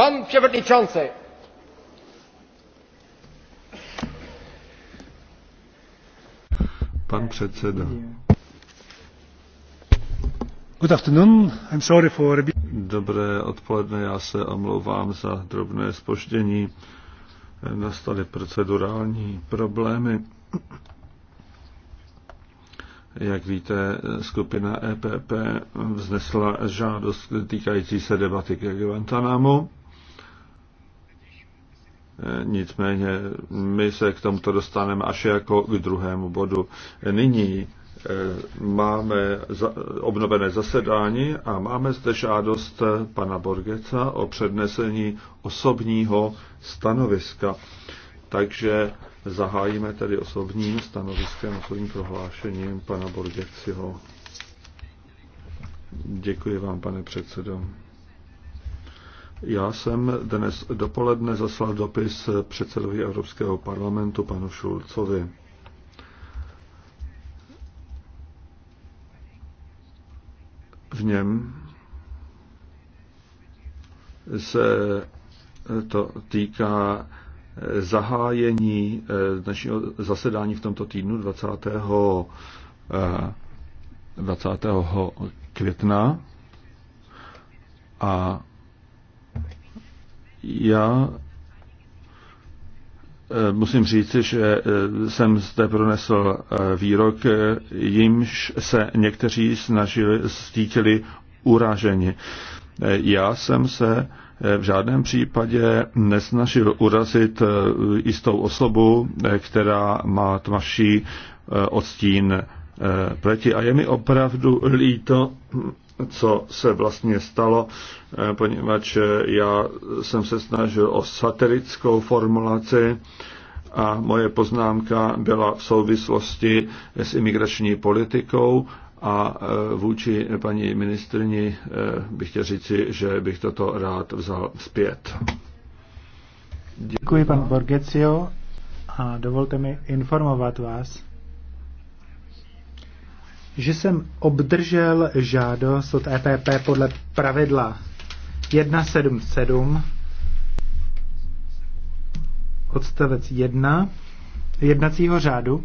Pan przewodniczący. Pan předseda. Good afternoon. I'm sorry for... Dobré odpoledne, já se omlouvám za drobné spoždění. Nastaly procedurální problémy. Jak víte, skupina EPP vznesla žádost týkající se debaty ke Guantanamo Nicméně my se k tomuto dostaneme až jako k druhému bodu. Nyní eh, máme obnovené zasedání a máme zde žádost pana Borgeca o přednesení osobního stanoviska. Takže zahájíme tedy osobním stanoviskem, osobním prohlášením pana Borgeciho. Děkuji vám, pane předsedo. Já jsem dnes dopoledne zaslal dopis předsedovi Evropského parlamentu panu Šulcovi. V něm se to týká zahájení eh, dnešního zasedání v tomto týdnu 20. 20. Eh, května a já eh, musím říci, že eh, jsem zde pronesl eh, výrok, jimž se někteří snažili, stítili uráženi. Já jsem se v žádném případě nesnažil urazit jistou osobu, která má tmavší odstín pleti. A je mi opravdu líto, co se vlastně stalo, eh, poněvadž eh, já jsem se snažil o satirickou formulaci a moje poznámka byla v souvislosti s imigrační politikou a eh, vůči paní ministrni bych chtěl říci, že bych toto rád vzal zpět. Děkuji, pan Borgecio, a dovolte mi informovat vás, že jsem obdržel žádost od EPP podle pravidla 177 odstavec 1 jednacího řádu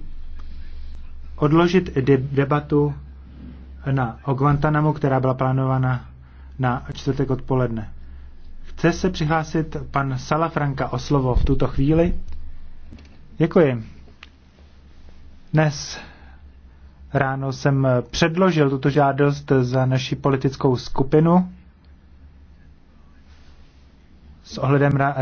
odložit debatu na o Guantanamo, která byla plánována na čtvrtek odpoledne. Chce se přihlásit pan Salafranka o slovo v tuto chvíli? Děkuji. Dnes Ráno jsem eh, předložil tuto žádost za naši politickou skupinu s ohledem na